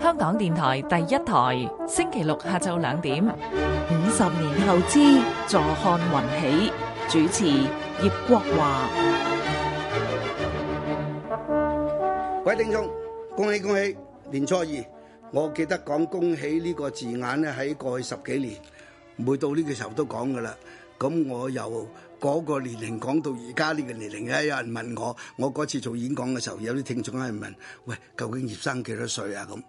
香港電台第一台，星期六下晝兩點。五十年投資，坐看雲起。主持葉國華。喂，丁總，恭喜恭喜！年初二，我記得講恭喜呢個字眼咧，喺過去十幾年，每到呢個時候都講噶啦。咁我由嗰個年齡講到而家呢個年齡啊，有人問我，我嗰次做演講嘅時候，有啲聽眾係問：「喂，究竟葉生幾多歲啊？咁。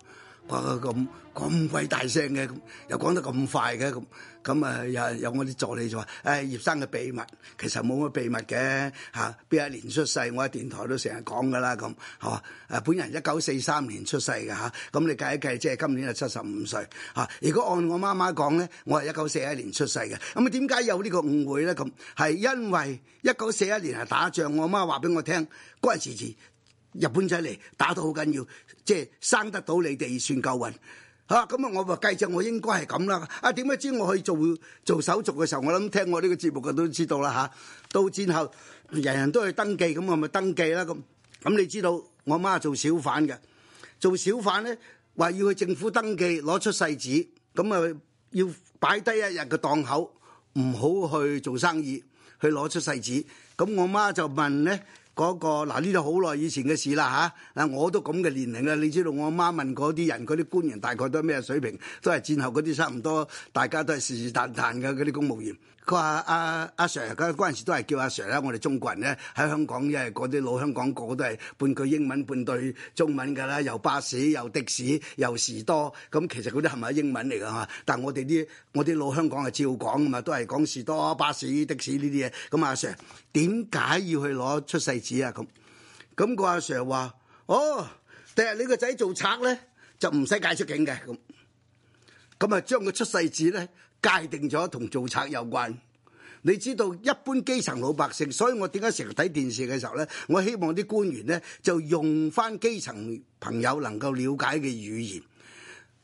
咁咁鬼大聲嘅，又講得咁快嘅，咁咁啊！又有有我啲助理就話：誒、哎、葉生嘅秘密其實冇乜秘密嘅嚇，邊、啊、一年出世？我喺電台都成日講噶啦，咁嚇誒本人一九四三年出世嘅嚇，咁、啊啊、你計一計，即、就、係、是、今年係七十五歲嚇、啊。如果按我媽媽講咧，我係一九四一年出世嘅。咁啊點解有呢個誤會咧？咁係因為一九四一年係打仗，我媽話俾我聽嗰陣時。日本仔嚟打得好緊要，即係生得到你哋算夠運嚇。咁啊，我話繼續，我應該係咁啦。啊，點解知我去做做手續嘅時候，我諗聽我呢個節目嘅都知道啦嚇。到戰後人人都去登記，咁我咪登記啦。咁咁你知道我媽做小販嘅，做小販咧話要去政府登記攞出世紙，咁啊要擺低一日嘅檔口，唔好去做生意去攞出世紙。咁我媽就問咧。嗰嗱，呢度好耐以前嘅事啦吓，嗱、啊、我都咁嘅年齡啦，你知道我阿媽問嗰啲人嗰啲官員大概都係咩水平，都係戰後嗰啲差唔多，大家都係是是但但嘅嗰啲公務員，佢話阿阿 Sir，嗰嗰陣時都係叫阿、啊、Sir 啦，我哋中國人咧喺香港因為嗰啲老香港個個都係半句英文半對中文噶啦，又巴士又的士又士多，咁其實嗰啲係咪英文嚟㗎吓，但係我哋啲我啲老香港係照講㗎嘛，都係講士多巴士的士呢啲嘢。咁阿、啊、Sir 點解要去攞出世子啊咁，咁個阿 Sir 話，哦，第日你個仔做賊咧，就唔使介出境嘅咁，咁啊將個出世紙咧界定咗同做賊有關。你知道一般基層老百姓，所以我點解成日睇電視嘅時候咧，我希望啲官員咧就用返基層朋友能夠了解嘅語言。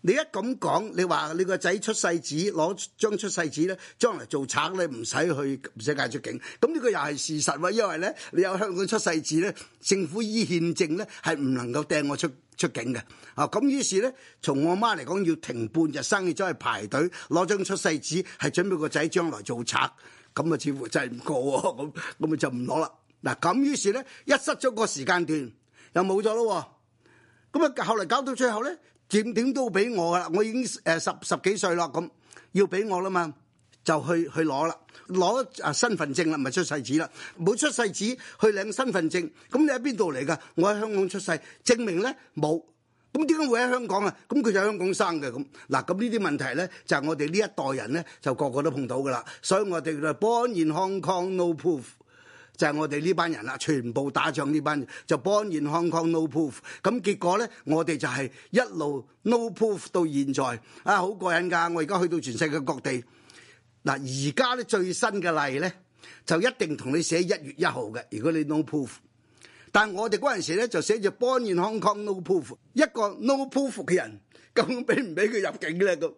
你一咁講，你話你個仔出世紙攞張出世紙咧，將來做賊咧唔使去唔使解出境。咁呢個又係事實喎，因為咧你有香港出世紙咧，政府依憲政咧係唔能夠掟我出出境嘅。啊，咁於是咧，從我媽嚟講要停半日生意，再去排隊攞張出世紙，係準備個仔將來做賊。咁啊，似乎真係唔過喎，咁咁咪就唔攞啦。嗱，咁於是咧一失咗個時間段，又冇咗咯。咁啊，後嚟搞到最後咧。佔點都俾我啦！我已經誒十十幾歲啦，咁要俾我啦嘛，就去去攞啦，攞啊身份證啦，唔係出世紙啦，冇出世紙去領身份證，咁你喺邊度嚟噶？我喺香港出世，證明咧冇。咁點解會喺香港啊？咁佢就喺香港生嘅。咁，嗱咁呢啲問題咧就係我哋呢一代人咧就個個都碰到噶啦，所以我哋就 born in Hong Kong, no proof。就係我哋呢班人啦，全部打仗呢班人就 born in Hong Kong no proof，咁結果咧，我哋就係一路 no proof 到現在，啊好過癮㗎！我而家去到全世界各地，嗱而家咧最新嘅例咧，就一定同你寫一月一號嘅，如果你 no proof，但係我哋嗰陣時咧就寫住 born in Hong Kong no proof，一個 no proof 嘅人，咁俾唔俾佢入境咧咁？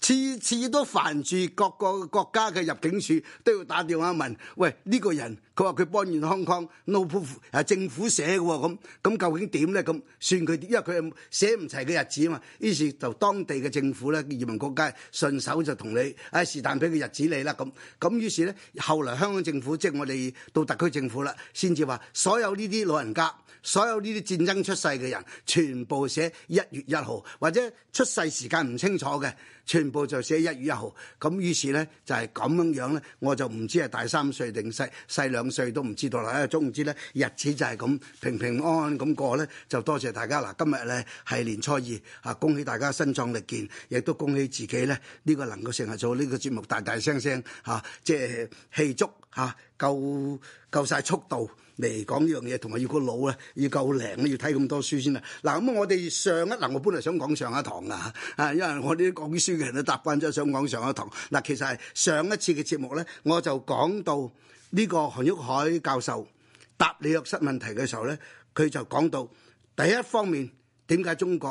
次次都煩住各個國家嘅入境處，都要打電話問：喂，呢、這個人佢話佢幫完康康，no 政府寫嘅喎、哦，咁咁究竟點呢？咁算佢，因為佢係寫唔齊嘅日子啊嘛。於是就當地嘅政府咧，移民國家順手就同你啊是但俾個日子你啦。咁咁於是呢，後來香港政府即係我哋到特區政府啦，先至話所有呢啲老人家，所有呢啲戰爭出世嘅人，全部寫一月一號或者出世時間唔清楚嘅。全部就寫一月一號，咁於是呢，就係、是、咁樣樣咧，我就唔知係大三歲定細細兩歲都唔知道啦。唉，總言之咧，日子就係咁平平安安咁過呢就多謝大家啦。今日呢係年初二，啊，恭喜大家身壯力健，亦都恭喜自己呢，呢、這個能夠成日做呢個節目，大大聲聲嚇，即、啊、係氣足嚇，夠夠晒速度。嚟講呢樣嘢，同埋要個腦咧，要夠靈，要睇咁多書先啦。嗱，咁啊，我哋上一嗱，我本嚟想講上一堂㗎，啊，因為我啲講書嘅人都習慣咗想講上一堂。嗱，其實係上一次嘅節目咧，我就講到呢個韓旭海教授答李約瑟問題嘅時候咧，佢就講到第一方面點解中國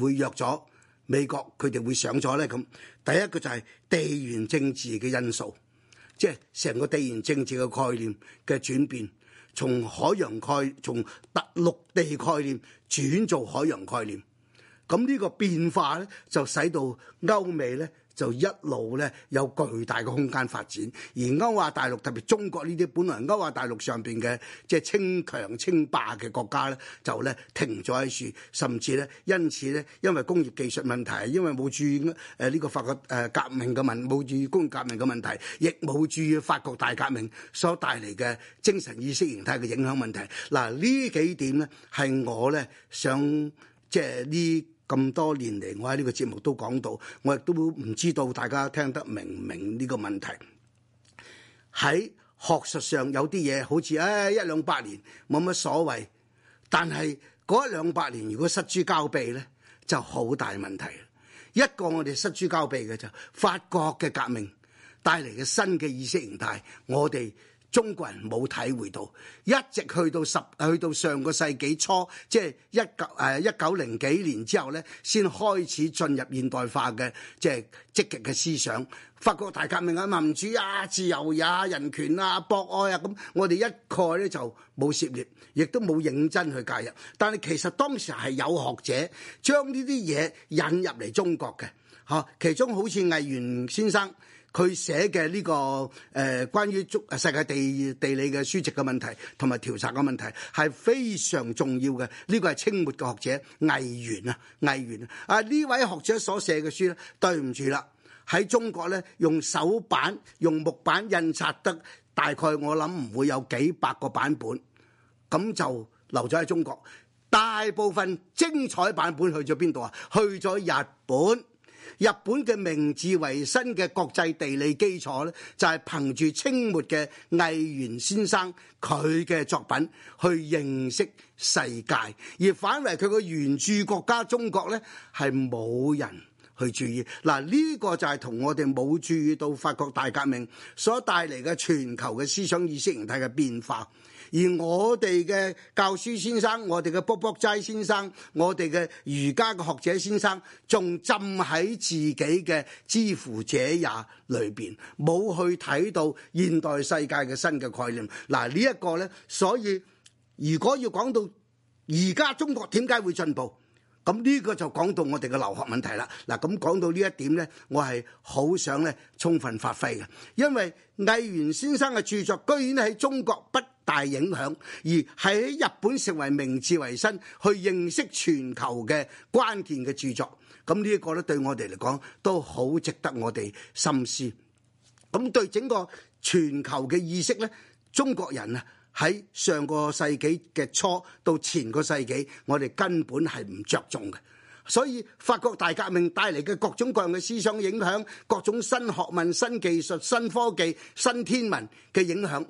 會弱咗，美國佢哋會強咗咧？咁第一個就係地緣政治嘅因素，即係成個地緣政治嘅概念嘅轉變。從海洋概從特陸地概念轉做海洋概念，咁呢個變化咧就使到歐美咧。就一路咧有巨大嘅空間發展，而歐亞大陸，特別中國呢啲本來歐亞大陸上邊嘅即係稱強稱霸嘅國家咧，就咧停咗喺樹。甚至咧因此咧，因為工業技術問題，因為冇注意誒呢個法國誒革命嘅問，冇注意工業革命嘅問題，亦冇注意法國大革命所帶嚟嘅精神意識形態嘅影響問題。嗱呢幾點咧係我咧想即係呢。咁多年嚟，我喺呢個節目都講到，我亦都唔知道大家聽得明唔明呢個問題。喺學術上有啲嘢，好似誒一兩百年冇乜所謂，但係嗰一兩百年如果失之交臂呢，就好大問題。一個我哋失之交臂嘅就法國嘅革命帶嚟嘅新嘅意識形態，我哋。中國人冇體會到，一直去到十去到上個世紀初，即係一九誒一九零幾年之後呢先開始進入現代化嘅即係積極嘅思想。法國大革命嘅民主啊、自由啊、人權啊、博愛啊，咁我哋一概呢就冇涉獵，亦都冇認真去介入。但係其實當時係有學者將呢啲嘢引入嚟中國嘅，嚇，其中好似魏源先生。佢寫嘅呢、這個誒、呃、關於中世界地地理嘅書籍嘅問題同埋調查嘅問題係非常重要嘅。呢、這個係清末嘅學者魏源啊，魏源啊，呢位學者所寫嘅書咧，對唔住啦，喺中國咧用手板用木板印刷得大概我諗唔會有幾百個版本，咁就留咗喺中國。大部分精彩版本去咗邊度啊？去咗日本。日本嘅明治維新嘅國際地理基礎咧，就係憑住清末嘅魏源先生佢嘅作品去認識世界，而反為佢嘅原住國家中國咧係冇人去注意。嗱，呢個就係同我哋冇注意到法國大革命所帶嚟嘅全球嘅思想意識形態嘅變化。而我哋嘅教書先生，我哋嘅卜卜齋先生，我哋嘅儒家嘅學者先生，仲浸喺自己嘅之乎者也裏邊，冇去睇到現代世界嘅新嘅概念。嗱，這個、呢一個咧，所以如果要講到而家中國點解會進步？咁呢個就講到我哋嘅留學問題啦。嗱，咁講到呢一點呢，我係好想咧充分發揮嘅，因為魏源先生嘅著作居然喺中國不大影響，而喺日本成為明治維新去認識全球嘅關鍵嘅著作。咁呢一個咧對我哋嚟講都好值得我哋深思。咁對整個全球嘅意識呢，中國人啊～喺上個世紀嘅初到前個世紀，我哋根本係唔着重嘅。所以法國大革命帶嚟嘅各種各樣嘅思想影響，各種新學問、新技術、新科技、新天文嘅影響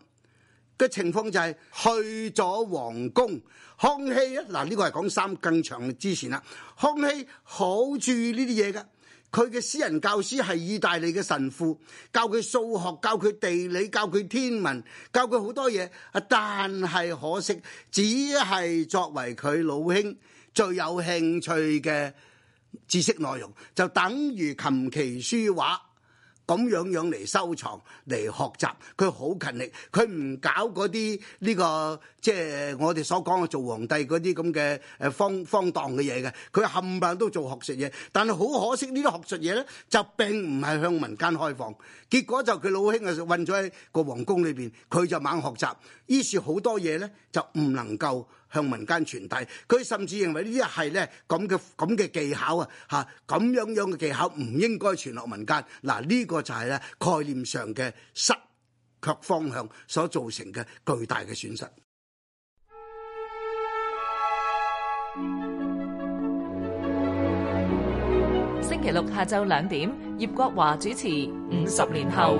嘅情況就係去咗皇宮。康熙，嗱，呢個係講三更長嘅之前啦。康熙好注意呢啲嘢㗎。佢嘅私人教師，係意大利嘅神父，教佢數學，教佢地理，教佢天文，教佢好多嘢。啊，但係可惜，只係作為佢老兄最有興趣嘅知識內容，就等於琴棋書畫。咁樣樣嚟收藏嚟學習，佢好勤力，佢唔搞嗰啲呢個即係我哋所講嘅做皇帝嗰啲咁嘅誒荒荒蕩嘅嘢嘅，佢冚唪唥都做學術嘢，但係好可惜呢啲學術嘢咧就並唔係向民間開放，結果就佢老兄啊就困咗喺個皇宮裏邊，佢就猛學習，於是好多嘢咧就唔能夠。向民間傳遞，佢甚至認為呢一係咧咁嘅咁嘅技巧啊，嚇咁樣樣嘅技巧唔應該傳落民間。嗱，呢個就係咧概念上嘅失卻方向所造成嘅巨大嘅損失。星期六下晝兩點，葉國華主持《五十年後》。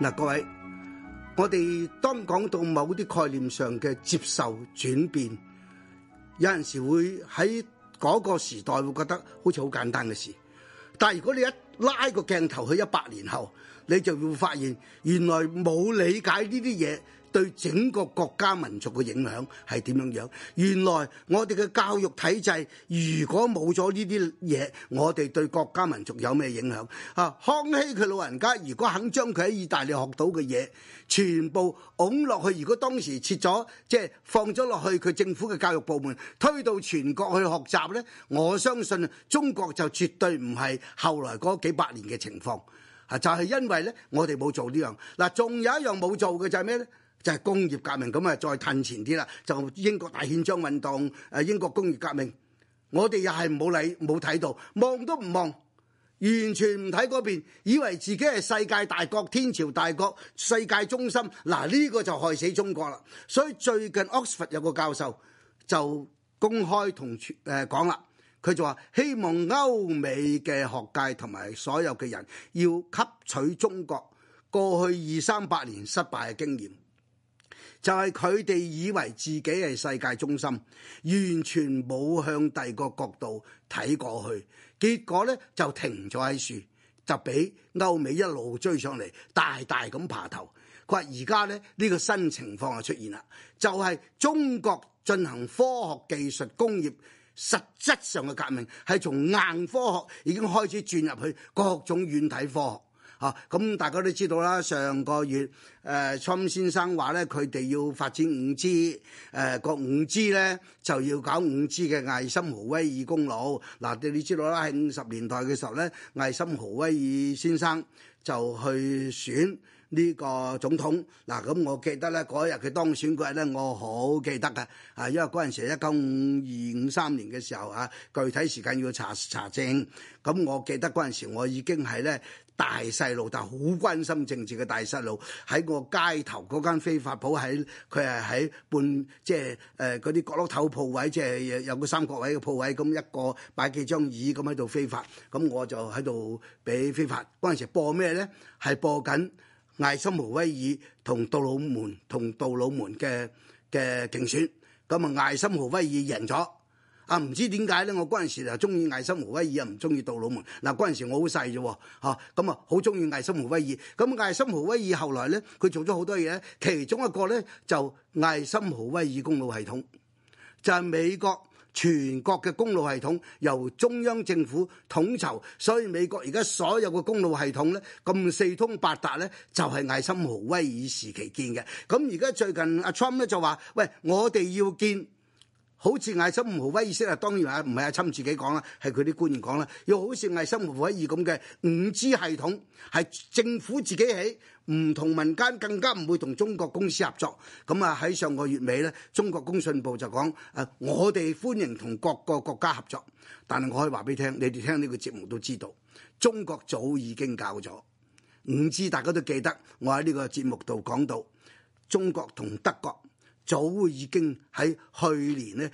嗱，各位。我哋當講到某啲概念上嘅接受轉變，有陣時會喺嗰個時代會覺得好似好簡單嘅事，但係如果你一拉個鏡頭去一百年後，你就會發現原來冇理解呢啲嘢。對整個國家民族嘅影響係點樣樣？原來我哋嘅教育體制如果冇咗呢啲嘢，我哋對國家民族有咩影響？啊，康熙佢老人家如果肯將佢喺意大利學到嘅嘢全部㧬落去，如果當時設咗，即係放咗落去佢政府嘅教育部門，推到全國去學習呢，我相信中國就絕對唔係後來嗰幾百年嘅情況。啊，就係因為呢，我哋冇做呢樣。嗱，仲有一樣冇做嘅就係咩呢？就係工業革命咁啊！再褪前啲啦，就英國大憲章運動、誒英國工業革命，我哋又係冇理冇睇到，望都唔望，完全唔睇嗰邊，以為自己係世界大國、天朝大國、世界中心。嗱呢個就害死中國啦。所以最近 Oxford 有個教授就公開同誒講啦，佢就話希望歐美嘅學界同埋所有嘅人要吸取中國過去二三百年失敗嘅經驗。就係佢哋以為自己係世界中心，完全冇向第二個角度睇過去，結果咧就停咗喺樹，就俾歐美一路追上嚟，大大咁爬頭，佢話而家咧呢、呢個新情況就出現啦，就係、係、中國進行科學技術工業實質上嘅革命，係從硬科學已經開始轉入去各種軟體科學。嚇！咁、啊、大家都知道啦，上個月誒，聰、呃、先生話咧，佢哋要發展五 G、呃，誒個五 G 咧就要搞五 G 嘅艾森豪威爾公路。嗱、啊，你知道啦，喺五十年代嘅時候咧，艾森豪威爾先生就去選。呢個總統嗱，咁我記得咧，嗰日佢當選嗰日咧，我好記得嘅啊，因為嗰陣時一九五二五三年嘅時候啊，具體時間要查查證。咁我記得嗰陣時，我已經係咧大細路，但係好關心政治嘅大細路，喺個街頭嗰間飛髮鋪喺，佢係喺半即係誒嗰啲角落頭鋪位，即係有個三角位嘅鋪位，咁一個擺幾張椅咁喺度飛髮。咁我就喺度俾飛髮。嗰陣時播咩咧？係播緊，艾森豪威爾同杜魯門同杜魯門嘅、嘅競選，咁啊艾森豪威爾贏咗，啊唔知點解咧？我嗰陣時就中意艾森豪威爾啊，唔中意杜魯門。嗱嗰陣時我好細啫，嚇，咁啊好中意艾森豪威爾。咁、啊啊啊、艾，艾森豪威爾後來咧，佢做咗好多嘢咧，其中一個咧就艾森豪威爾公路系統，就係、是、美國。全國嘅公路系統由中央政府統籌，所以美國而家所有嘅公路系統咧咁四通八達咧，就係艾森豪威爾時期建嘅。咁而家最近阿 Trump 咧就話：「喂，我哋要建。好似艾森豪威爾式啊，當然啊唔係阿琛自己講啦，係佢啲官員講啦。要好似艾森豪威爾咁嘅五 G 系統係政府自己起，唔同民間更加唔會同中國公司合作。咁啊喺上個月尾咧，中國工信部就講：誒，我哋歡迎同各個國家合作，但係我可以話俾你聽，你哋聽呢個節目都知道，中國早已經搞咗五 G，大家都記得，我喺呢個節目度講到中國同德國。早已經喺去年咧，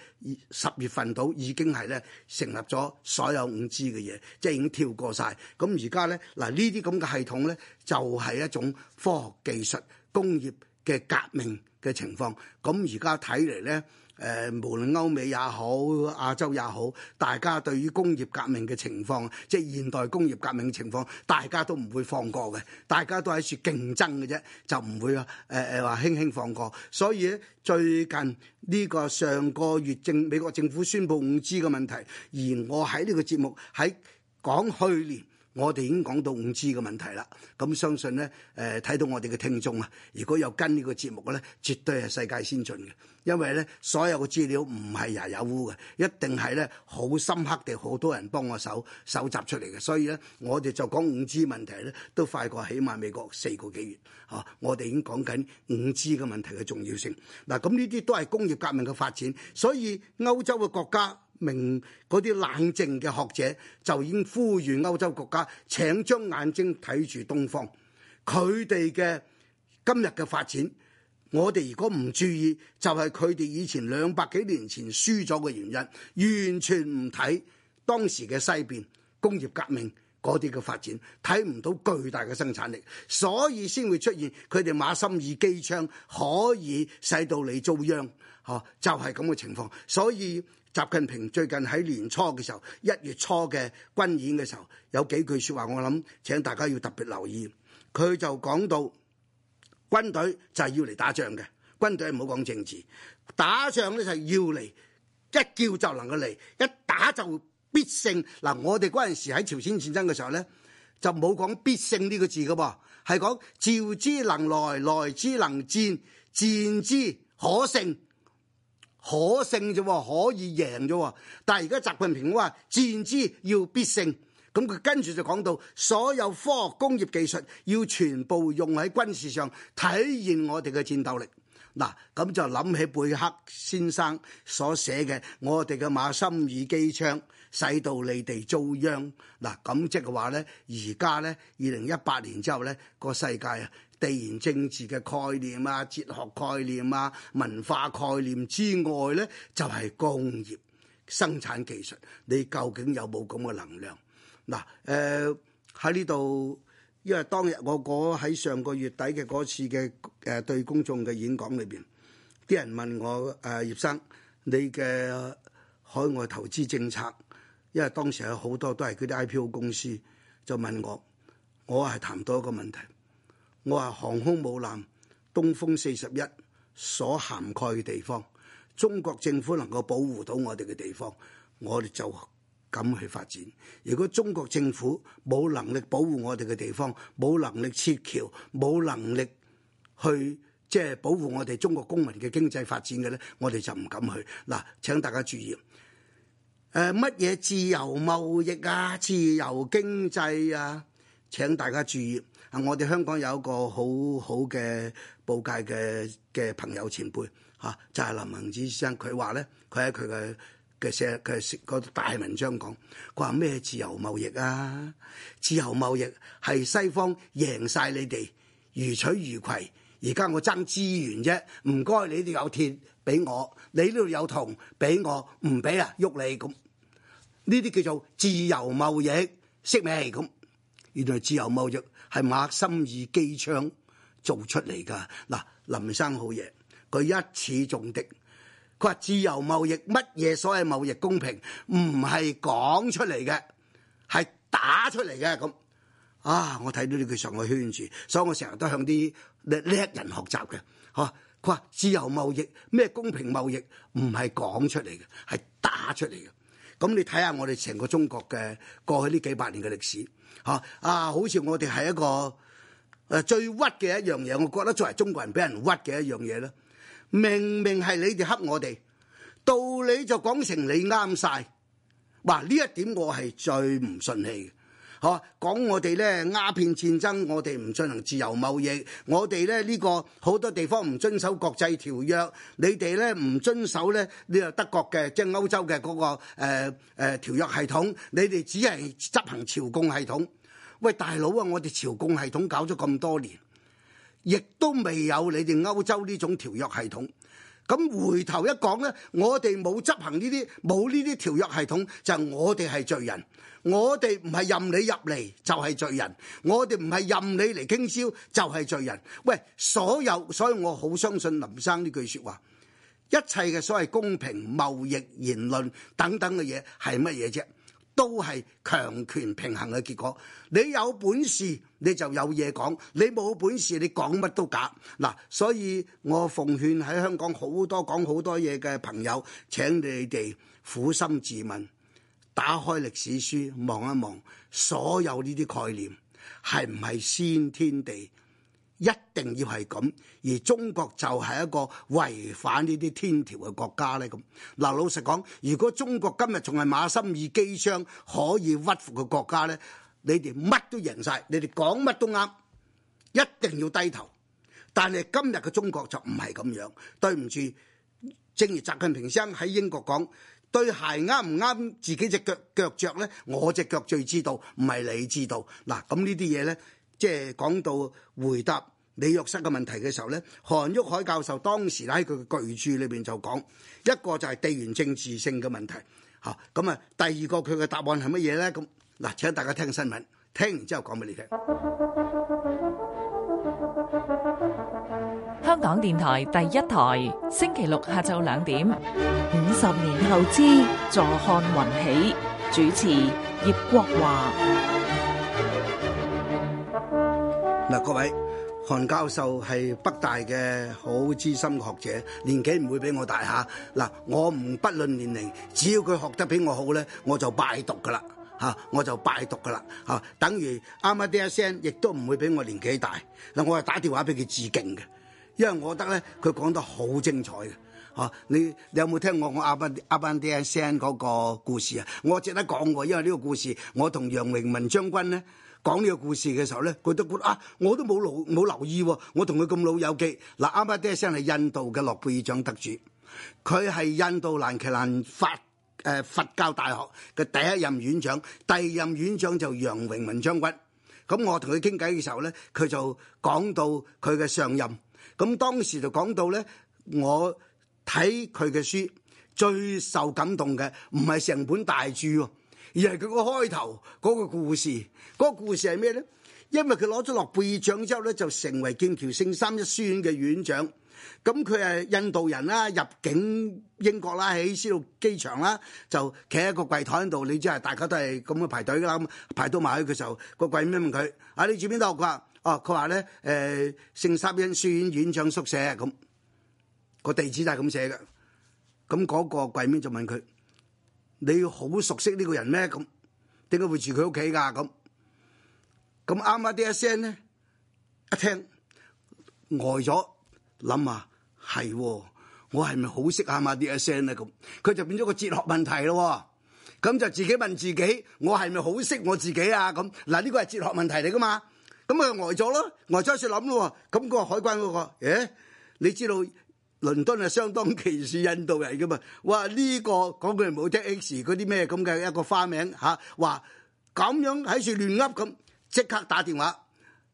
十月份到已經係咧，成立咗所有五 G 嘅嘢，即係已經跳過晒。咁而家咧，嗱呢啲咁嘅系統咧，就係一種科學技術工業嘅革命嘅情況。咁而家睇嚟咧。誒，無論歐美也好，亞洲也好，大家對於工業革命嘅情況，即係現代工業革命嘅情況，大家都唔會放過嘅，大家都喺處競爭嘅啫，就唔會誒誒話輕輕放過。所以咧，最近呢個上個月政美國政府宣布五 G 嘅問題，而我喺呢個節目喺講去年。我哋已經講到五 G 嘅問題啦，咁、嗯、相信呢，誒、呃，睇到我哋嘅聽眾啊，如果有跟呢個節目嘅呢，絕對係世界先進嘅，因為呢，所有嘅資料唔係牙有污嘅，一定係呢好深刻地好多人幫我搜搜集出嚟嘅，所以呢，我哋就講五 G 問題呢，都快過起碼美國四個幾月嚇、啊，我哋已經講緊五 G 嘅問題嘅重要性嗱，咁呢啲都係工業革命嘅發展，所以歐洲嘅國家。明嗰啲冷靜嘅學者就已經呼籲歐洲國家，請將眼睛睇住東方，佢哋嘅今日嘅發展，我哋如果唔注意，就係佢哋以前兩百幾年前輸咗嘅原因，完全唔睇當時嘅西邊工業革命嗰啲嘅發展，睇唔到巨大嘅生產力，所以先會出現佢哋馬心爾機槍可以使到你遭殃，吓，就係咁嘅情況，所以。習近平最近喺年初嘅時候，一月初嘅軍演嘅時候，有幾句說話，我諗請大家要特別留意。佢就講到軍隊就係要嚟打仗嘅，軍隊唔好講政治，打仗咧就係要嚟一叫就能夠嚟，一打就必勝。嗱，我哋嗰陣時喺朝鮮戰爭嘅時候咧，就冇講必勝呢個字噶噃，係講召之能來，來之能戰，戰之可勝。可勝啫，可以贏啫。但係而家習近平話，戰之要必勝。咁佢跟住就講到，所有科學工業技術要全部用喺軍事上，體現我哋嘅戰鬥力。嗱，咁就諗起貝克先生所寫嘅，我哋嘅馬心爾機槍，使到你哋遭殃。嗱，咁即係話呢，而家呢，二零一八年之後呢個世界啊！地緣政治嘅概念啊、哲學概念啊、文化概念之外咧，就係、是、工業生產技術，你究竟有冇咁嘅能量？嗱，誒喺呢度，因為當日我嗰喺上個月底嘅次嘅誒、呃、對公眾嘅演講裏邊，啲人問我誒葉、呃、生，你嘅海外投資政策，因為當時有好多都係嗰啲 IPO 公司，就問我，我係談到一個問題。我話航空母艦、東風四十一所涵蓋嘅地方，中國政府能夠保護到我哋嘅地方，我哋就敢去發展。如果中國政府冇能力保護我哋嘅地方，冇能力撤僑，冇能力去即係保護我哋中國公民嘅經濟發展嘅咧，我哋就唔敢去。嗱，請大家注意，誒乜嘢自由貿易啊、自由經濟啊？請大家注意。我哋香港有一個好好嘅報界嘅嘅朋友前輩吓，就係、是、林行止先生。佢話咧，佢喺佢嘅嘅寫嘅個大文章講，佢話咩自由貿易啊？自由貿易係西方贏晒你哋，如取如攜。而家我爭資源啫，唔該你哋有鐵俾我，你呢度有銅俾我，唔俾啊喐你咁。呢啲叫做自由貿易，識咩？咁？原來自由貿易。係馬克思主義機槍做出嚟噶嗱，林生好嘢，佢一次中的，佢話自由貿易乜嘢所謂貿易公平唔係講出嚟嘅，係打出嚟嘅咁啊！我睇到呢句上個圈住，所以我成日都向啲叻人學習嘅吓，佢話自由貿易咩公平貿易唔係講出嚟嘅，係打出嚟嘅。咁你睇下我哋成個中國嘅過去呢幾百年嘅歷史，嚇啊，好似我哋係一個誒最屈嘅一樣嘢，我覺得作為中國人俾人屈嘅一樣嘢咧，明明係你哋黑我哋，道理就講成你啱曬，嗱！呢一點我係最唔順氣嘅。哦，講我哋咧鴉片戰爭，我哋唔進行自由貿易，我哋咧呢、呢個好多地方唔遵守國際條約，你哋咧唔遵守咧，呢個德國嘅即係歐洲嘅嗰、嗰個誒誒、呃呃、條約系統，你哋只係執行朝貢系統。喂，大佬啊，我哋朝貢系統搞咗咁多年，亦都未有你哋歐洲呢種條約系統。咁回頭一講呢，我哋冇執行呢啲冇呢啲條約系統，就係我哋係罪人。我哋唔係任你入嚟就係罪人，我哋唔係任你嚟傾銷就係罪人。喂，所有所以我好相信林生呢句說話，一切嘅所謂公平貿易言論等等嘅嘢係乜嘢啫？都係強權平衡嘅結果。你有本事，你就有嘢講；你冇本事，你講乜都假。嗱，所以我奉勸喺香港好多講好多嘢嘅朋友，請你哋撫心自問，打開歷史書望一望，所有呢啲概念係唔係先天地？一定要係咁，而中國就係一個違反呢啲天條嘅國家呢，咁嗱，老實講，如果中國今日仲係馬心與機槍可以屈服嘅國家呢，你哋乜都贏晒，你哋講乜都啱，一定要低頭。但係今日嘅中國就唔係咁樣。對唔住，正如習近平先生喺英國講，對鞋啱唔啱自己隻腳腳着呢？我隻腳最知道，唔係你知道。嗱，咁呢啲嘢呢。即係講到回答李玉生嘅問題嘅時候咧，韓毓海教授當時喺佢嘅巨著裏邊就講一個就係地緣政治性嘅問題吓，咁、嗯、啊第二個佢嘅答案係乜嘢咧？咁嗱，請大家聽新聞，聽完之後講俾你聽。香港電台第一台，星期六下晝兩點，五十年後知，坐看雲起，主持葉國華。嗱，各位，韓教授係北大嘅好資深學者，年紀唔會比我大嚇。嗱，我唔不論年齡，只要佢學得比我好咧，我就拜讀噶啦，嚇，我就拜讀噶啦，嚇，等於 Amartya Sen 亦都唔會比我年紀大。嗱，我係打電話俾佢致敬嘅，因為我覺得咧，佢講得好精彩嘅，嚇，你你有冇聽過我 Amartya Amartya Sen 嗰個故事啊？我值得講喎，因為呢個故事，我同楊榮文將軍咧。講呢個故事嘅時候咧，佢都覺得啊，我都冇留冇留意喎、哦。我同佢咁老友記，嗱，啱啱第一聲係印度嘅諾貝爾獎得主，佢係印度蘭奇蘭佛誒佛教大學嘅第一任院長，第二任院長就楊榮文將軍。咁我同佢傾偈嘅時候咧，佢就講到佢嘅上任。咁當時就講到咧，我睇佢嘅書，最受感動嘅唔係成本大著、哦。而係佢個開頭嗰個故事，嗰個故事係咩咧？因為佢攞咗諾貝爾獎之後咧，就成為劍橋聖三一書院嘅院長。咁佢係印度人啦，入境英國啦，喺希斯路機場啦，就企喺個櫃台喺度。你知係大家都係咁樣排隊噶啦，排到埋去佢就個櫃面問佢：啊，你住邊度？佢話：哦，佢話咧，誒，聖三一書院院長宿舍。咁個地址就係咁寫嘅。咁嗰個櫃面就問佢。你要好熟悉呢個人咩？咁點解會住佢屋企㗎？咁咁啱啱啲聲咧，一聽呆咗，諗啊，係我係咪好識啱啱啲聲咧？咁佢就變咗個哲學問題咯。咁就自己問自己：我係咪好識我自己啊？咁嗱，呢個係哲學問題嚟噶嘛？咁啊呆咗咯，呆咗一陣諗咯。咁個海關嗰個，誒，你知道？倫敦係，相當歧視印度人噶嘛？哇！呢、這個講句唔好聽，x 嗰啲咩咁嘅一個花名嚇，話、啊、咁樣喺處亂噏咁，即刻打電話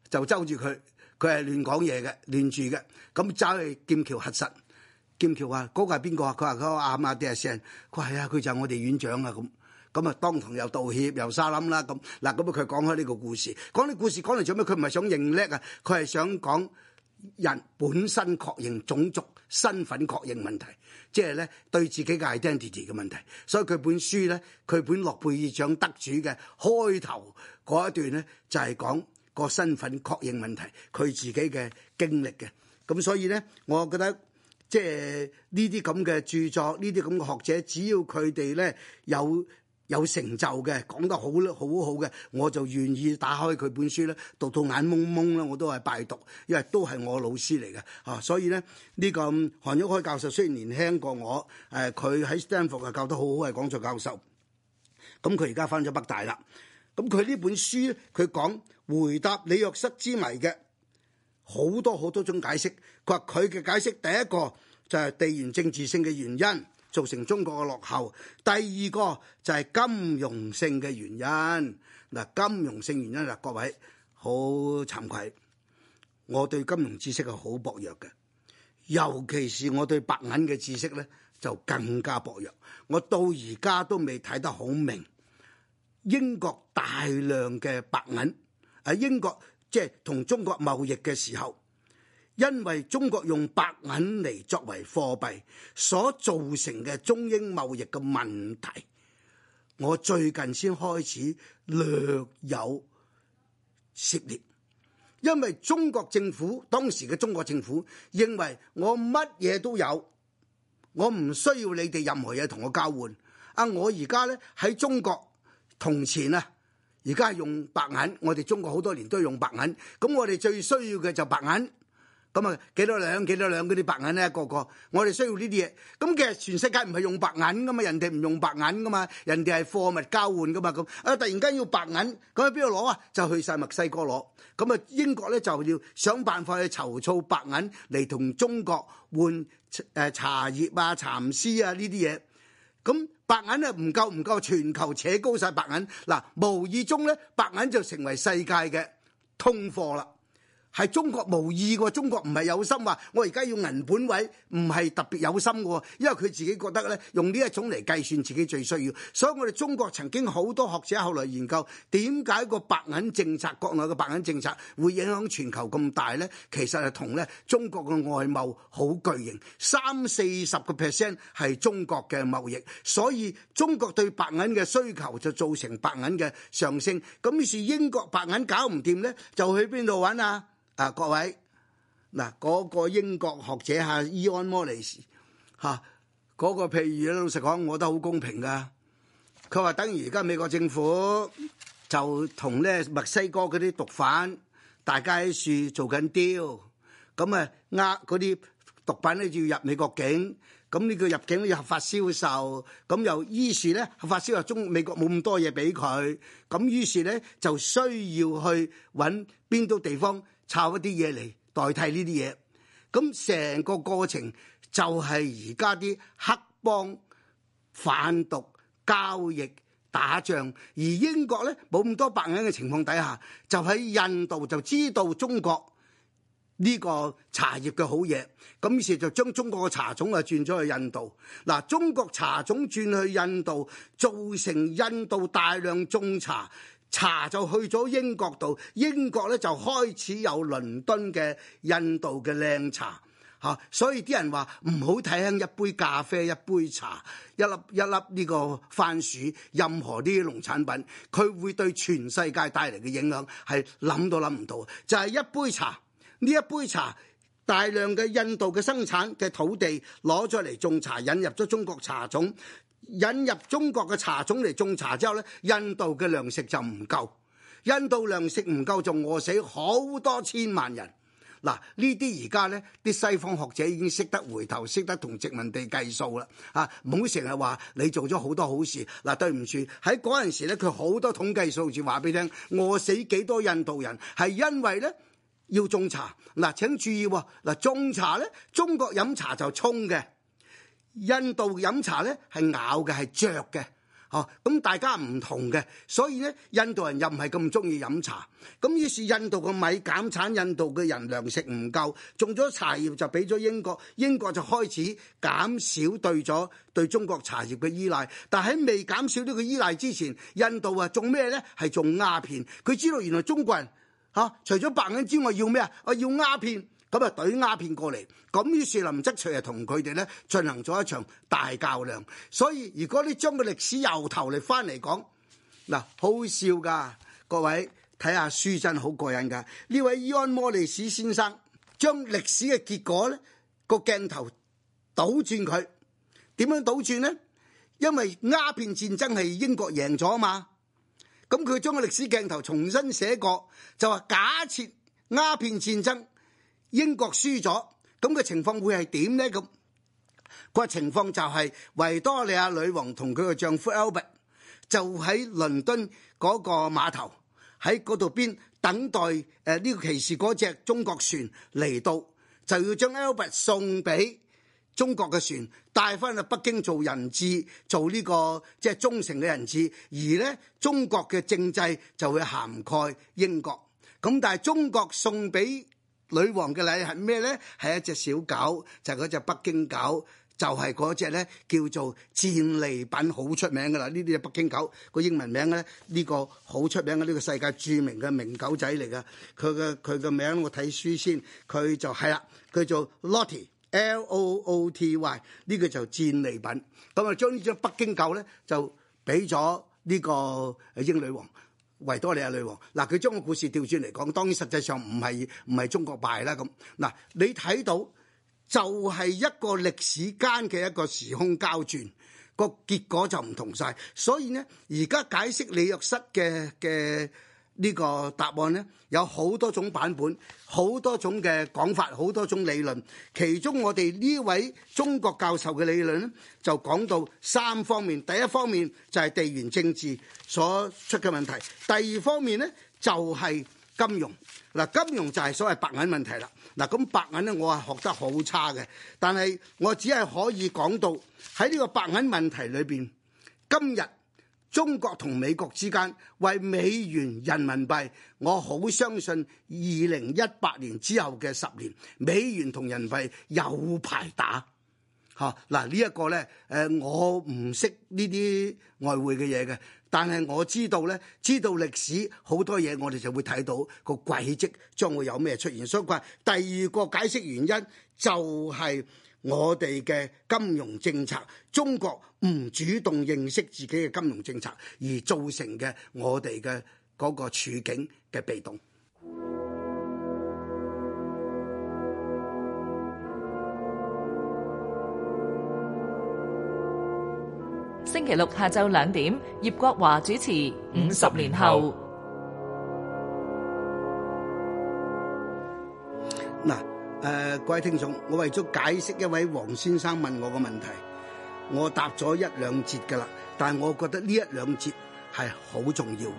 就揪住佢，佢係亂講嘢嘅，亂住嘅。咁走去劍橋核實，劍橋話嗰、那個係邊個啊？佢話個亞馬蒂亞森，佢係啊，佢就係我哋院長啊咁。咁啊，當堂又道歉又沙冧啦咁。嗱，咁佢講開呢個故事，講啲故事講嚟做咩？佢唔係想認叻啊，佢係想講人本身確認種族。身份確認問題，即係咧對自己嘅 identity 嘅問題，所以佢本書咧，佢本諾貝爾獎得主嘅開頭嗰一段咧，就係講個身份確認問題佢自己嘅經歷嘅，咁所以咧，我覺得即係呢啲咁嘅著作，呢啲咁嘅學者，只要佢哋咧有。有成就嘅，講得好，好好好嘅，我就願意打開佢本書咧，讀到眼蒙蒙啦，我都係拜讀，因為都係我老師嚟嘅啊，所以咧呢、呢個韓毓海教授雖然年輕過我，誒佢喺斯坦福又教得好好係講座教授，咁佢而家翻咗北大啦，咁佢呢本書佢講回答李約瑟之謎嘅好多好多種解釋，佢話佢嘅解釋第一個就係地緣政治性嘅原因。造成中國嘅落後，第二個就係金融性嘅原因。嗱，金融性原因嗱，各位好慚愧，我對金融知識係好薄弱嘅，尤其是我對白銀嘅知識咧就更加薄弱。我到而家都未睇得好明，英國大量嘅白銀喺英國即係同中國貿易嘅時候。因為中國用白銀嚟，作為貨幣所造成嘅中英貿易嘅問題，我最近先開始略有涉獵。因為中國政府當時嘅中國政府認為我乜嘢都有，我唔需要你哋任何嘢同我交換。啊，我而家咧喺中國銅錢啊，而家用白銀，我哋中國好多年都係用白銀，咁我哋最需要嘅就白銀。咁啊，幾多兩幾多兩嗰啲白銀咧？個個，我哋需要呢啲嘢。咁其實全世界唔係用白銀噶嘛，人哋唔用白銀噶嘛，人哋係貨物交換噶嘛。咁啊，突然間要白銀，咁喺邊度攞啊？就去晒墨西哥攞。咁啊，英國咧就要想辦法去籌措白銀嚟同中國換誒茶葉啊、蠶絲啊呢啲嘢。咁白銀啊唔夠唔夠，全球扯高晒白銀。嗱，無意中咧，白銀就成為世界嘅通貨啦。係中國無意個，中國唔係有心話我而家要銀本位，唔係特別有心個，因為佢自己覺得咧，用呢一種嚟計算自己最需要。所以我哋中國曾經好多學者後來研究，點解個白銀政策，國內嘅白銀政策會影響全球咁大呢？其實係同咧中國嘅外貿好巨型，三四十個 percent 係中國嘅貿易，所以中國對白銀嘅需求就造成白銀嘅上升。咁於是英國白銀搞唔掂呢，就去邊度揾啊？啊！各位，嗱，嗰個英國學者哈伊安摩利斯嚇，嗰、e、個譬如，老實講，我覺得好公平噶。佢話等於而家美國政府就同咧墨西哥嗰啲毒販，大家喺樹做緊雕，咁啊呃嗰啲毒品咧要入美國境，咁呢個入境咧要合法銷售，咁又於是咧合法銷售中國美國冇咁多嘢俾佢，咁於是咧就需要去揾邊度地方。炒一啲嘢嚟代替呢啲嘢，咁成個過程就係而家啲黑幫販毒交易打仗，而英國呢，冇咁多白銀嘅情況底下，就喺印度就知道中國呢個茶葉嘅好嘢，咁於是就將中國嘅茶種啊轉咗去印度。嗱，中國茶種轉去印度，造成印度大量種茶。茶就去咗英國度，英國呢，就開始有倫敦嘅印度嘅靚茶嚇，所以啲人話唔好睇輕一杯咖啡、一杯茶、一粒一粒呢個番薯，任何啲農產品，佢會對全世界帶嚟嘅影響係諗都諗唔到。就係一杯茶，呢一杯茶，大量嘅印度嘅生產嘅土地攞咗嚟種茶，引入咗中國茶種。引入中國嘅茶種嚟種茶之後呢，印度嘅糧食就唔夠，印度糧食唔夠就餓死好多千萬人。嗱，呢啲而家呢啲西方學者已經識得回頭，識得同殖民地計數啦。啊，唔好成日話你做咗好多好事。嗱，啊，對唔住，喺嗰陣時咧，佢好多統計數字話俾你聽，餓死幾多印度人係因為呢？要種茶。嗱，啊，請注意喎，嗱，啊，種茶呢，中國飲茶就沖嘅。印度飲茶呢係咬嘅係嚼嘅，哦咁、啊、大家唔同嘅，所以呢，印度人又唔係咁中意飲茶。咁於是印度個米減產，印度嘅人糧食唔夠，種咗茶葉就俾咗英國，英國就開始減少對咗對中國茶葉嘅依賴。但喺未減少呢個依賴之前，印度啊種咩呢？係種鴉片。佢知道原來中國人嚇、啊、除咗白銀之外要咩啊？我要鴉片。咁啊，對鴉片過嚟，咁於是林則徐呀同佢哋咧進行咗一場大較量。所以如果你將個歷史由頭嚟翻嚟講，嗱，好笑噶，各位睇下書真好過癮噶。呢位伊安摩利斯先生將歷史嘅結果咧個鏡頭倒轉佢，點樣倒轉咧？因為鴉片戰爭係英國贏咗啊嘛，咁佢將個歷史鏡頭重新寫過，就話假設鴉片戰爭，英國輸咗，咁個情況會係點呢？咁個情況就係維多利亞女王同佢嘅丈夫 Albert 就喺倫敦嗰個碼頭，喺嗰度邊等待誒呢個騎士嗰隻中國船嚟到，就要將 Albert 送俾中國嘅船，帶翻去北京做人質，做呢個即係忠誠嘅人質，而咧中國嘅政制就會涵蓋英國。咁但係中國送俾女王嘅禮係咩呢？係一隻小狗，就係嗰隻北京狗，就係嗰隻呢叫做戰利品，好出名噶啦。呢啲北京狗個英文名呢，呢個好出名嘅，呢個世界著名嘅名狗仔嚟噶。佢嘅佢嘅名我睇書先，佢就係啦，佢做 Looty，L-O-O-T-Y，呢個就戰利品。咁啊，將呢隻北京狗呢就俾咗呢個英女王。維多利亞，啊、女王嗱，佢將個故事調轉嚟講，當然實際上唔係唔係中國敗啦咁嗱。你睇到就係，是，一個歷史間嘅一個時空交轉，個結果就唔同晒。所以呢，而家解釋李約瑟嘅嘅。呢個答案呢，有好多種版本，好多種嘅講法，好多種理論。其中我哋呢位中國教授嘅理論呢，就講到三方面。第一方面就係地緣政治所出嘅問題；第二方面呢，就係金融。嗱，金融就係所謂白銀問題啦。嗱，咁白銀呢，我係學得好差嘅，但係我只係可以講到喺呢個白銀問題裏邊，今日。中國同美國之間為美元人民幣，我好相信二零一八年之後嘅十年，美元同人民幣有排打。吓、啊，嗱呢一個呢，誒、呃、我唔識呢啲外匯嘅嘢嘅，但係我知道呢，知道歷史好多嘢，我哋就會睇到個軌跡將會有咩出現。所以第二個解釋原因就係、是。我哋嘅金融政策，中國唔主動認識自己嘅金融政策，而造成嘅我哋嘅嗰個處境嘅被動。星期六下晝兩點，葉國華主持《五十年後》。誒、呃，各位聽眾，我為咗解釋一位黃先生問我個問題，我答咗一兩節噶啦，但係我覺得呢一兩節係好重要，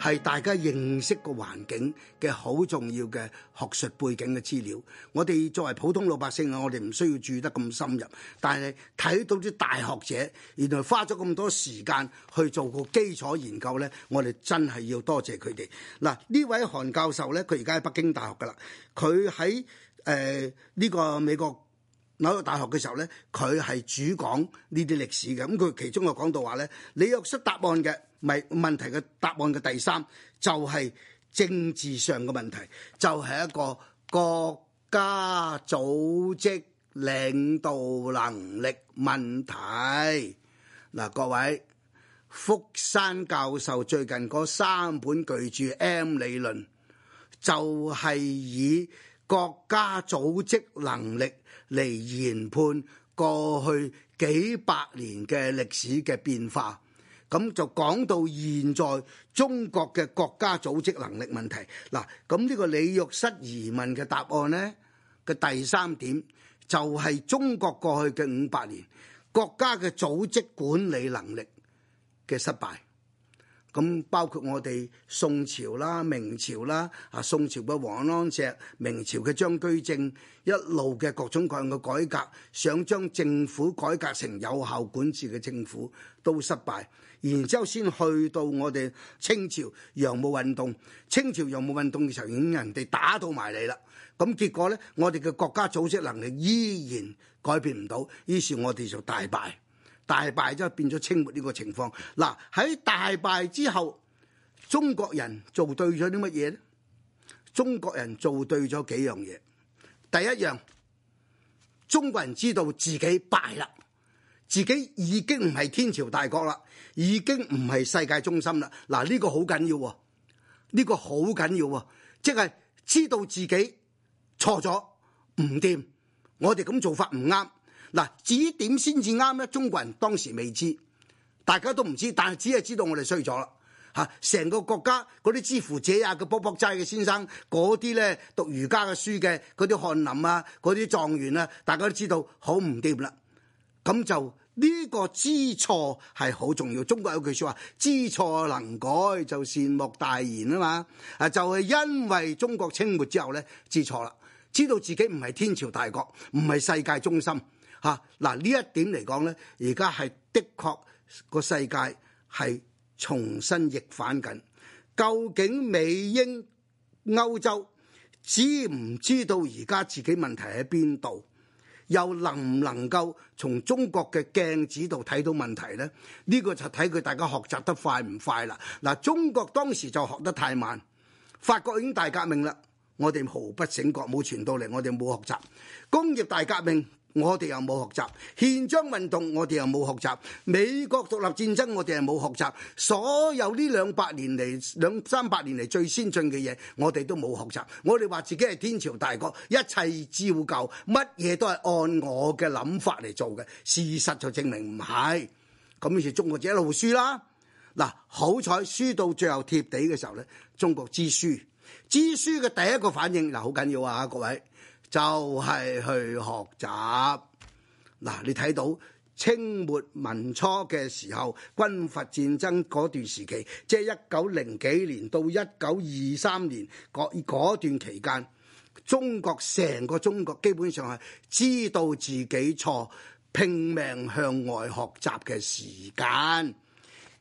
係大家認識個環境嘅好重要嘅學術背景嘅資料。我哋作為普通老百姓啊，我哋唔需要住得咁深入，但係睇到啲大學者原來花咗咁多時間去做個基礎研究呢，我哋真係要多謝佢哋。嗱，呢位韓教授呢，佢而家喺北京大學噶啦，佢喺。誒，呢、呃這個美國紐約大學嘅時候呢，佢係主講呢啲歷史嘅，咁佢其中就講到話呢李玉室，答案嘅咪問題嘅答案嘅第三就係、是、政治上嘅問題，就係、是、一個國家組織領導能力問題。嗱、呃，各位，福山教授最近嗰三本巨著 M 理論就係以國家組織能力來研判過去幾百年的歷史的變化。那就講到現在中國的國家組織能力問題。那這個李約瑟疑問的答案呢，的第三點，就是中國過去的五百年，國家的組織管理能力的失敗。咁包括我哋宋朝啦、明朝啦，啊宋朝嘅王安石、明朝嘅張居正，一路嘅各種各樣嘅改革，想將政府改革成有效管治嘅政府，都失敗，然之後先去到我哋清朝洋務運動，清朝洋務運動嘅時候，已經人哋打到埋嚟啦。咁結果咧，我哋嘅國家組織能力依然改變唔到，於是我哋就大敗。大敗即係變咗清末呢個情況。嗱，喺大敗之後，中國人做對咗啲乜嘢咧？中國人做對咗幾樣嘢。第一樣，中國人知道自己敗啦，自己已經唔係天朝大國啦，已經唔係世界中心啦。嗱，呢個好緊要喎，呢個好緊要喎，即係知道自己錯咗唔掂，我哋咁做法唔啱。嗱，至於點先至啱咧？中國人當時未知，大家都唔知，但係只係知道我哋衰咗啦。嚇、啊，成個國家嗰啲之乎者啊，個卜卜齋嘅先生，嗰啲咧讀儒家嘅書嘅，嗰啲翰林啊，嗰啲狀元啊，大家都知道好唔掂啦。咁、嗯、就呢個知錯係好重要。中國有句説話，知錯能改，就善莫大言啊嘛。啊，就係、是、因為中國清末之後咧，知錯啦，知道自己唔係天朝大國，唔係世界中心。嚇嗱！呢、啊、一點嚟講呢而家係的確個世界係重新逆反緊。究竟美英歐洲知唔知道而家自己問題喺邊度？又能唔能夠從中國嘅鏡子度睇到問題呢？呢、呢個就睇佢大家學習得快唔快啦。嗱、啊，中國當時就學得太慢，法國已經大革命啦，我哋毫不醒覺，冇傳到嚟，我哋冇學習工業大革命。我哋又冇學習憲章運動，我哋又冇學習美國獨立戰爭，我哋又冇學習所有呢兩百年嚟兩三百年嚟最先進嘅嘢，我哋都冇學習。我哋話自己係天朝大國，一切照舊，乜嘢都係按我嘅諗法嚟做嘅。事實就證明唔係，咁於是中國就一路輸啦。嗱，好彩輸到最後貼地嘅時候呢，中國知輸，知輸嘅第一個反應嗱，好緊要啊，各位。就係去學習嗱，你睇到清末民初嘅時候，軍閥戰爭嗰段時期，即係一九零幾年到一九二三年嗰段期間，中國成個中國基本上係知道自己錯，拼命向外學習嘅時間。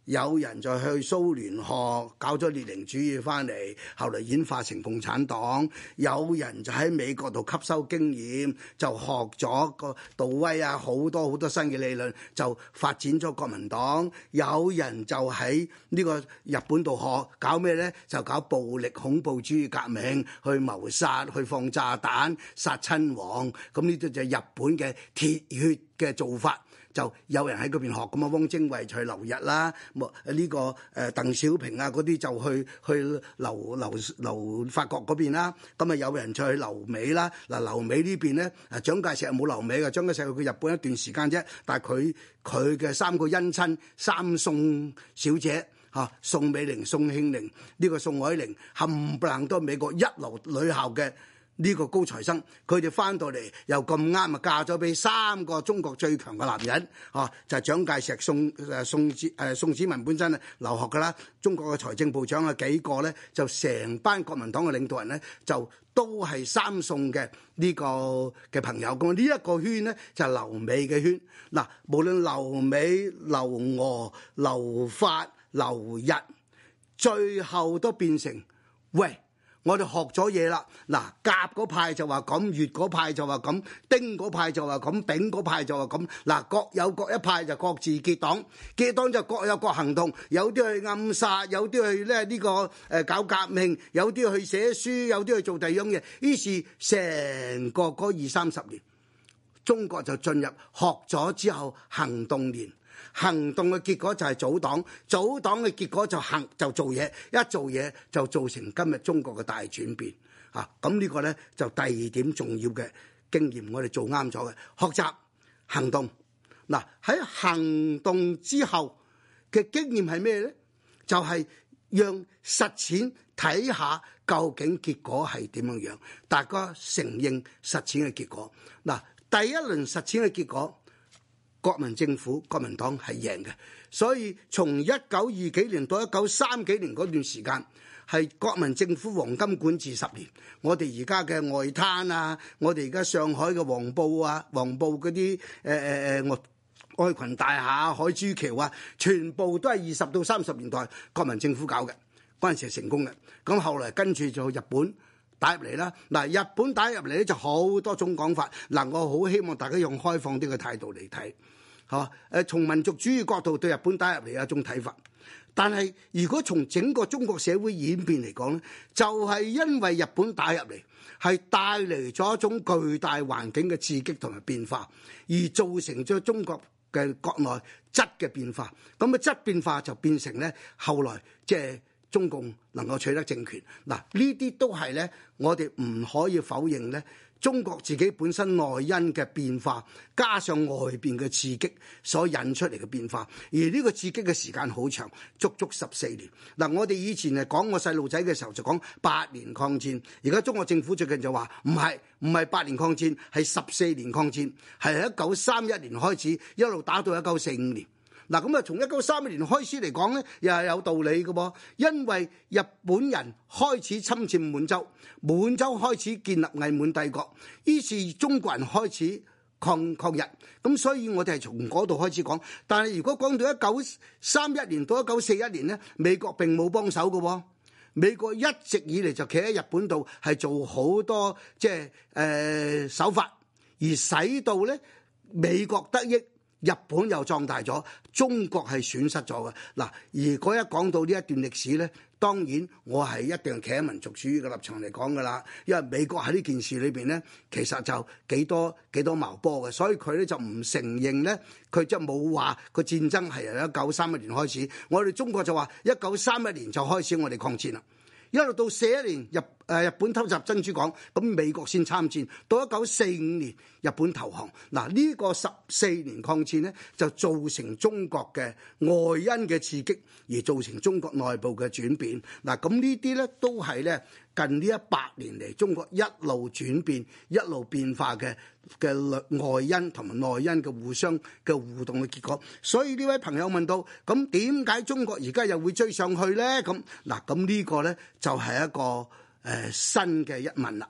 有人就去蘇聯學搞咗列寧主義翻嚟，後來演化成共產黨，有人就喺美國度吸收經驗，就學咗個杜威啊，好多好多新嘅理論，就發展咗國民黨，有人就喺呢個日本度學搞咩咧？就搞暴力恐怖主義革命，去謀殺去放炸彈殺親王。咁呢啲就係日本嘅鐵血嘅做法。就有人喺嗰邊學咁啊，汪精衛就去留日啦，冇呢個誒鄧小平啊嗰啲就去去留留留法國嗰邊啦，咁啊有人再去留美啦，嗱留美呢邊咧，啊蔣介石冇留美嘅，蔣介石去日本一段時間啫，但係佢佢嘅三個姻親三宋小姐嚇，宋美齡、宋慶齡，呢個宋藹齡，冚唪唥都係美國一流女校嘅。呢個高材生，佢哋翻到嚟又咁啱啊！嫁咗俾三個中國最強嘅男人，啊，就係蔣介石、宋、宋子、宋子文本身啊，留學㗎啦。中國嘅財政部長啊，幾個咧就成班國民黨嘅領導人咧，就都係三宋嘅呢個嘅朋友。咁呢一個圈咧就係留美嘅圈。嗱，無論留美、留俄、留法、留日，最後都變成喂。我哋學咗嘢啦，嗱，甲嗰派就話咁，乙嗰派就話咁，丁嗰派就話咁，丙嗰派就話咁，嗱，各有各一派就各自結黨，結黨就各有各行動，有啲去暗殺，有啲去咧呢個誒搞革命，有啲去寫書，有啲去做第樣嘢，於是成個嗰二三十年。中國就進入學咗之後行動年，行動嘅結果就係組黨，組黨嘅結果就行就做嘢，一做嘢就造成今日中國嘅大轉變。啊，咁呢個呢，就第二點重要嘅經驗，我哋做啱咗嘅學習行動。嗱、啊、喺行動之後嘅經驗係咩呢？就係、是、讓實踐睇下究竟結果係點樣樣，大家承認實踐嘅結果嗱。啊第一輪實踐嘅結果，國民政府、國民黨係贏嘅，所以從一九二幾年到一九三幾年嗰段時間，係國民政府黃金管治十年。我哋而家嘅外灘啊，我哋而家上海嘅黃埔啊、黃埔嗰啲誒誒誒愛群大廈、海珠橋啊，全部都係二十到三十年代國民政府搞嘅，嗰陣時係成功嘅。咁後來跟住就去日本，打入嚟啦，嗱，日本打入嚟咧，就好多種講法，嗱，我好希望大家用開放啲嘅態度嚟睇，吓，誒，從民族主義角度對日本打入嚟有一種睇法，但係如果從整個中國社會演變嚟講，咧，就係因為日本打入嚟係帶嚟咗一種巨大環境嘅刺激同埋變化，而造成咗中國嘅國內質嘅變化，咁啊，質變化就變成咧後來即係。就是中共能夠取得政權，嗱呢啲都係呢。我哋唔可以否認呢，中國自己本身內因嘅變化，加上外邊嘅刺激所引出嚟嘅變化，而呢個刺激嘅時間好長，足足十四年。嗱，我哋以前係講我細路仔嘅時候就講八年抗戰，而家中國政府最近就話唔係唔係八年抗戰，係十四年抗戰，係一九三一年開始一路打到一九四五年。嗱咁啊，從一九三一年開始嚟講呢，又係有道理嘅噃，因為日本人開始侵佔滿洲，滿洲開始建立偽滿帝國，於是中國人開始抗抗日，咁所以我哋係從嗰度開始講。但係如果講到一九三一年到一九四一年呢，美國並冇幫手嘅喎，美國一直以嚟就企喺日本度，係做好多即係誒手法，而使到呢美國得益。日本又壯大咗，中國係損失咗嘅。嗱，如果一講到呢一段歷史咧，當然我係一定企喺民族主義嘅立場嚟講噶啦。因為美國喺呢件事裏邊咧，其實就幾多幾多茅波嘅，所以佢咧就唔承認咧，佢就冇話個戰爭係由一九三一年開始。我哋中國就話一九三一年就開始我哋抗戰啦，一路到四一年日。誒日本偷襲珍珠港，咁美國先參戰，到一九四五年日本投降。嗱，呢個十四年抗戰呢，就造成中國嘅外因嘅刺激，而造成中國內部嘅轉變。嗱，咁呢啲呢都係呢近呢一百年嚟中國一路轉變、一路變化嘅嘅外因同埋內因嘅互相嘅互動嘅結果。所以呢位朋友問到，咁點解中國而家又會追上去呢？咁嗱，咁呢個呢就係一個。誒、呃、新嘅一問啦。